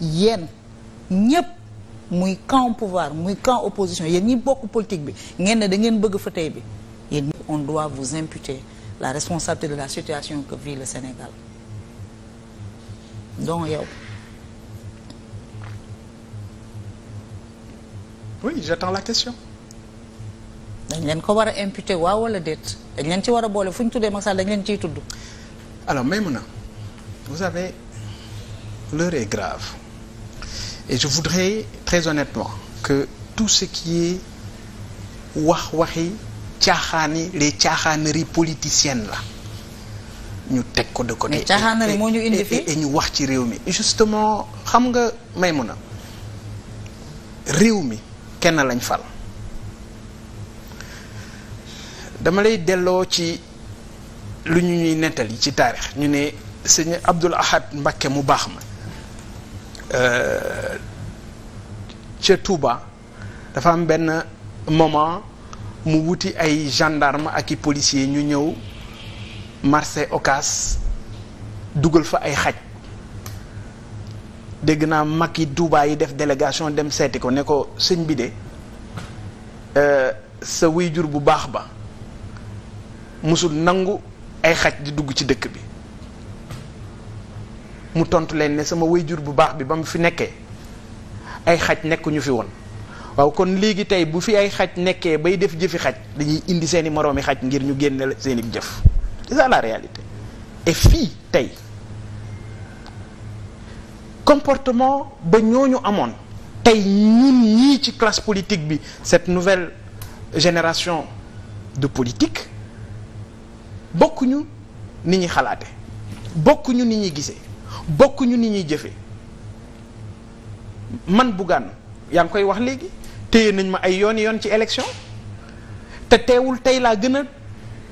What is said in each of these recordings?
yéen ñëpp muy camp pouvoir muy camp opposition yéen ñi bokk politique bi ngeen ne da ngeen bëgg fauteuil bi yéen on doit vous imputer la responsabilité de la situation que vit le Sénégal donc yow. oui j'attends la question. dañ leen ko war a imputer waaw wala déet dañ leen ci war a boole fu ñu tuddee Macky Sall dañ leen ciy tudd. alors Maïmouna vous avez l'heure est grave. et je voudrais très honnêtement que tout ce qui est wax waxi caaxaani les caaxaanari politiciennes la ñu teg ko de ko côté. mais caaxaanari moo ñu indi fii ñu wax ci réew mi. justement xam nga may mun a réew mi kenn lañ fal dama lay delloo ci lu ñu ñuy nettali ci taarix ñu ne sëñ Abdoul Ahad Mbacké mu baax ma. Euh, ca Touba dafa am benn moment mu wuti ay gendarme ak i policiers ñu ñëw marché Ocass dugal fa ay xaj dégg naa mag yi Touba yi def délégation dem seeti ko ne ko sëñ bi de euh, sa wuy jur bu baax ba musul nangu ay xaj di dugg ci dëkk bi mu tontu leen ne sama way jur bu baax bi ba mu fi nekkee ay xaj nekk ñu fi woon waaw kon léegi tey bu fi ay xaj nekkee bay def jëfi xaj dañuy indi seen i moroomi xaj ngir ñu génne seen i jëf c'est ça la réalité et fii tey comportement ba ñooñu amoon tey ñun ñii ci classe politique bi cette nouvelle génération de politique bokkuñu ni ñuy xalaate bokkuñu ni ñuy gisee bokkuñu ni ñuy jëfe man Bougane yaa ngi koy wax léegi téye nañ ma ay yoon yoon ci élection te teewul tey laa gën a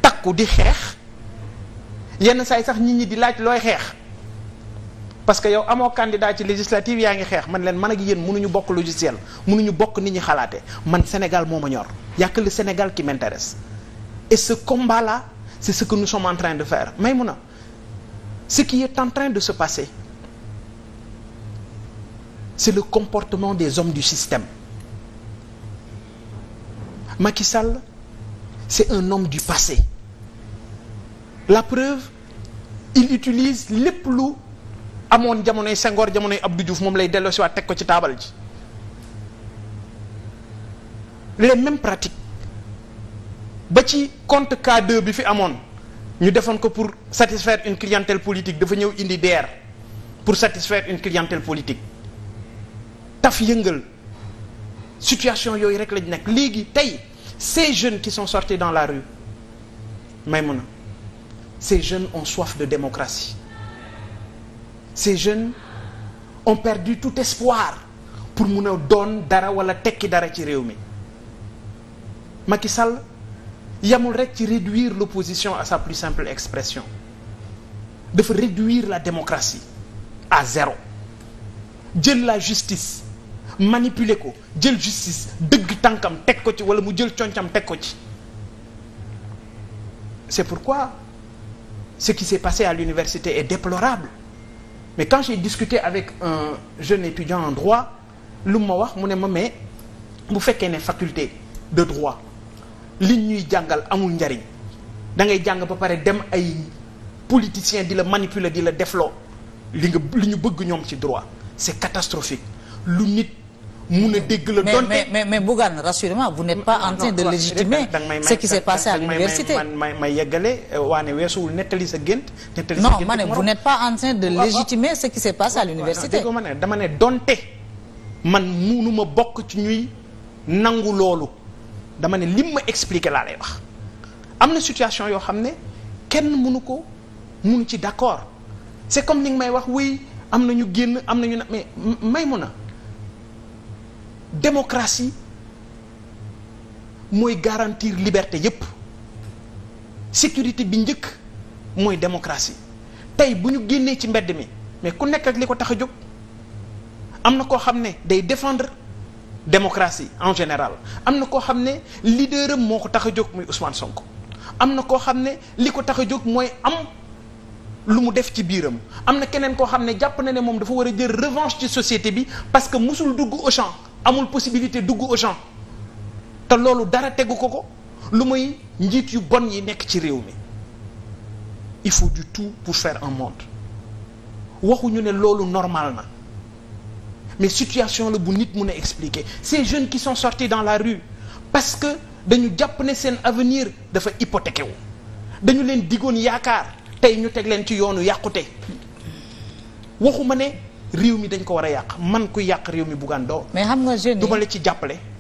takku di xeex yenn saay sax nit ñi di laaj looy xeex parce que yow amoo candidat ci législative yaa ngi xeex man leen man ak yéen mënuñu bokk logiciel ñu bokk nit ñi xalaate man Sénégal moo ma ñor y a le Sénégal ki m'intéresse et ce combat là c'est ce que nous en train de faire Maïmouna ce qui est en train de se passer c'est le comportement des hommes du système Macky Sall c'est un homme du passé la preuve il utilise lépp lu amoon jamonoy Senghor jamonoy Abdou Diouf moom lay delloosiwaat teg ko ci taabal ji les même pratique ba ci compte k bi fi amoon ñu defoon ko pour satisfaire une clientèle politique dafa ñëw indi DER pour satisfaire une clientèle politique taf yëngal situation yooyu rek lañ nekk léegi tey ces jeunes qui sont sortis dans la rue mun ces jeunes ont soif de démocratie ces jeunes ont perdu tout espoir pour mun a doon dara wala tekki dara ci réew mi Macky Sall yamul rek ci réduire l'opposition à sa plus simple expression dafa réduire la démocratie à zéro jël la justice manipuler ko jël justice dëgg tànkam teg ko ci wala mu jël concam teg ko ci c'est pourquoi ce qui s'est passé à l'université est déplorable mais quand j'ai discuté avec un jeune étudiant en droit lu ma wax mu ne ma mais bu fekkee ne faculté de droit li ñuy jàngal amul njariñ da ngay jàng ba pare dem ay politiciens di la manipuler di la defloo li nga li ñu bëgg ñoom ci droit c'est catastrophique lu nit mun a dégg la. donte mais mais mais Bougane rassurez-moi vous n'êtes pas en train de légitimer ce qui s'est passé à l'université may may yeggale euh, waane weesuwul nettali sa gént. nettali sa gént non ma ne vous n'êtes pas en train de ah, ah. légitimer ce qui s'est passé à ah, ma bokk ci ñuy nangu loolu dama ne lim ma expliqué laa lay wax am na situation yoo xam ne kenn mënu ko mun ci d'accord c'est comme ni nga may wax oui am na ñu génn am na ñu na may mun a. démocratie mooy garantir liberté yépp sécurité bi njëkk mooy démocratie tey bu ñu génnee ci mbedd mi mais ku nekk ak li ko tax a jóg am na koo xam ne day défendre démocratie en général am na koo xam ne leader am moo ko tax a jóg muy Ousmane Sonko am na koo xam ne li ko tax a jóg mooy am lu mu def ci biiram am na keneen koo xam ne jàpp na ne moom dafa war a jël revanche ci société bi parce que mosul dugg au champ amul possibilité dugg au te loolu dara tegu ko ko lu may njiit yu bon yi nekk ci réew mi il faut du tout pour faire un monde waxuñu ne loolu normal na mais situation la bu nit mun a expliquer ces jeunes qui son sorti dans la rue parce que dañu jàpp ne seen avenir dafa hypothéqué wu dañu leen diggoon yaakaar tey ñu teg leen ci yoonu yàqute waxuma ne réew mi dañ ko war a yàq man ku yàq réew mi buggaan doo mais xam nga jeune du ma la ci jàppale